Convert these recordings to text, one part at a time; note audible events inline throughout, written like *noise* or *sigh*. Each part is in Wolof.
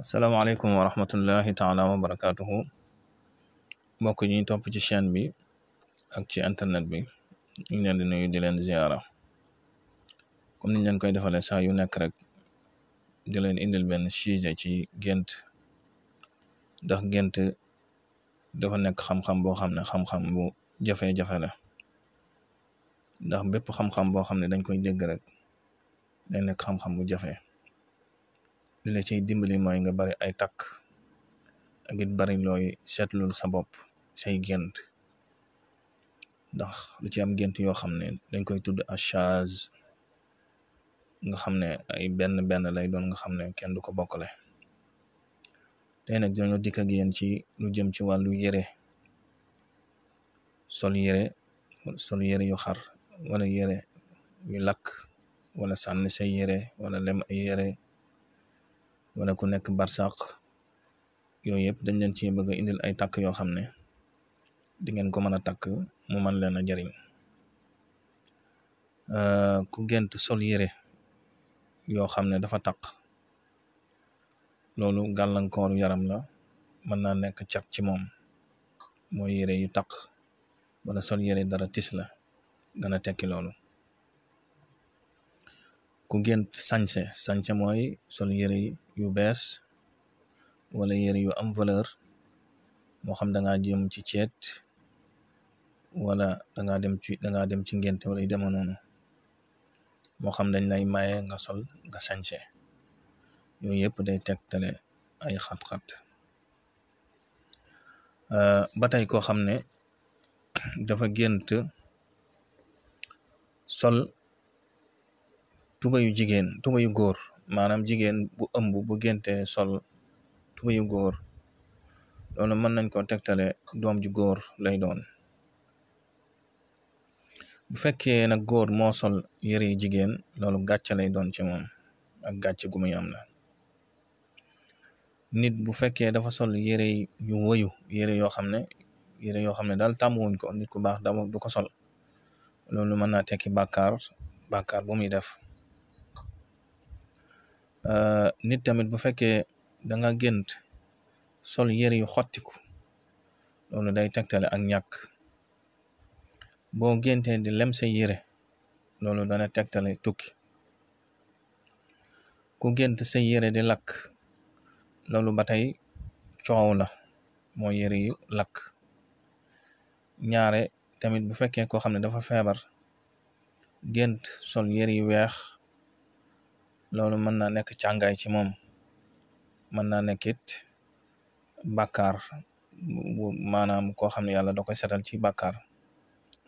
asalaamaaleykum wa rahmatullahi taala wa barakatuhu mbokk ñuy topp ci chaîne bi ak ci internet bi ñu leen di nuyu di leen ziara comme niñ leen koy defalee saa yu nekk rek di leen indil benn sujet ci gént ndax gént dafa nekk xam-xam boo xam ne xam-xam bu jafe-jafe la ndax bépp xam-xam boo xam ne dañ koy dégg rek day nekk xam-xam bu jafe li la ciy dimbali moy nga bari ay takk ak bari looy seetlul sa bopp say gént ndax lu ci am gént yoo xam ne dañ koy tudd achage nga xam ne ay benn benn lay doon nga xam ne kenn du ko bokkale te nag dañoo dikk ak yéen ci lu jëm ci wàllu yére sol yére sol yére yu xar wala yére yu lakk wala sànni say yére wala lem ay yére wala ku nekk barsàq yooyu yëpp dañ leen ci bëgg a indil ay takk yoo xam ne di ngeen ko mën a takk mu mën leen a jariñ euh, ku gent sol yére yoo xam ne dafa takk loolu gàllankooru yaram la mën naa nekk cat ci moom mooy yére yu takk wala sol yére dara tis la dana tekki loolu ku gént sañse sañse mooy sol yëre yu bees wala yëre yu am valeur moo xam dangaa jëm ci ceet wala dangaa dem ci dangaa dem ci ngénte wala yu dema noonu moo xam dañ lay maye nga sol nga sañse yooyu yëpp day tegtale ay xat-xat ba tey koo xam ne *clears throat* dafa gént sol tubayu jigéen yu góor maanaam jigéen bu ëmb bu génte sol yu góor loolu mën nañ ko tegtale doom ju góor lay doon bu fekkee nag góor moo sol yi jigéen loolu gàcce lay doon ci moom ak gàcce gu muy am la nit bu fekkee dafa sol yëre yu wëyu yëre yoo xam ne yëre yoo xam ne daal tàmmuwuñ ko nit ku baax da du ko sol loolu mën naa tekki bàkkaar bàkkaar bu muy def Euh, nit tamit bu fekkee danga nga gént sol yëre yu xottiku loolu day tegtale ak ñàkk boo géntee di lem sa yëre loolu dana tegtale tukki ku gént sa yëre di lakk loolu ba tey coow la moo yëre yu lakk ñaare tamit bu fekkee koo xam ne dafa feebar gént sol yëre yu weex loolu mën naa nekk càngaay ci moom mën naa nekk it bàkkaar maanaam koo xam ne yàlla da koy setal ci bàkkaar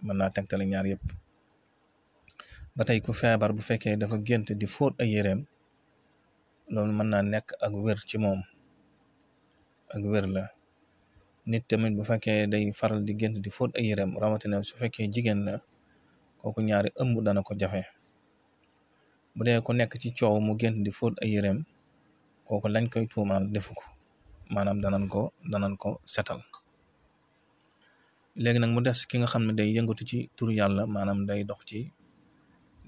mën naa tegtale ñaar yëpp ba tey ku feebar bu fekkee dafa gént di fóot ay yéreem loolu mën naa nekk ak wér ci moom ak wér la nit tamit bu fekkee day faral di gént di fóot ay yéreem rawatina su fekkee jigéen la kooku ñaari ëmb dana ko jafe bu dee ku nekk ci coow mu génn di fóot ay yéreem kooku lañ koy tuumaal defu ko maanaam danañ ko danañ ko setal léegi nag mu des ki nga xam ne day yëngatu ci tur yàlla maanaam day dox ci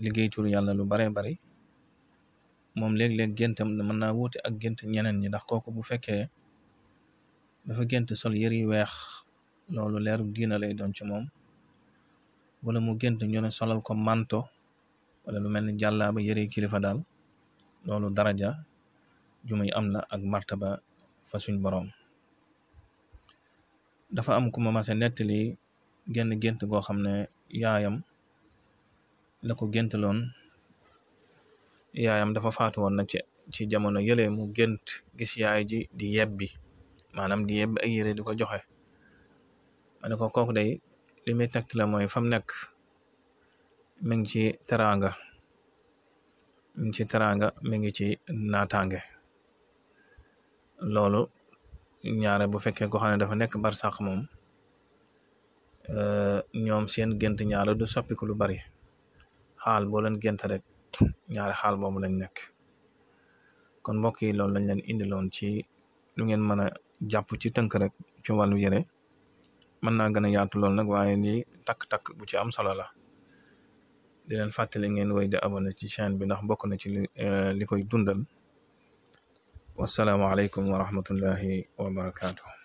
liggéey tur yàlla lu baree bari moom léegi léeg géntam mën naa wuute ak gént ñeneen ñi ndax kooku bu fekkee dafa gént sol yëre yu weex loolu leeru diina lay doon ci moom wala mu gént ñu ne solal ko manto wala lu mel ni ba yëre kilifa daal loolu daraja ju muy am la ak ba fa suñ boroom dafa am ku ma mase nettali genn gént goo xam ne yaayam la ko loon yaayam dafa faatu woon nag ci jamono yële mu gént gis yaay ji di yebbi maanaam di yebbi ay yëre di ko joxe ma ne ko kooku day li muy tegt fam nekk mi ngi ci teraanga mi ngi ci teraanga mi ngi ci naataange loolu ñaare bu fekkee ko xam ne dafa nekk barsàq moom eh, ñoom seen gént ñaare du soppiku lu bari xaal boo leen gént rek ñaare xaal boobu lañ nekk kon mbokk yi loolu lañ leen indiloon ci lu ngeen mën a jàpp ci tënk rek ci wàllu yére mën naa gën a yaatu lool nag waaye ni takk-takk bu ci am solo la di leen fàttali ngeen woy di abonné ci chaîne bi ndax bokk na ci li euh, koy dundal wasalaamaaleykum wa rahmatullahi wa barakaatu.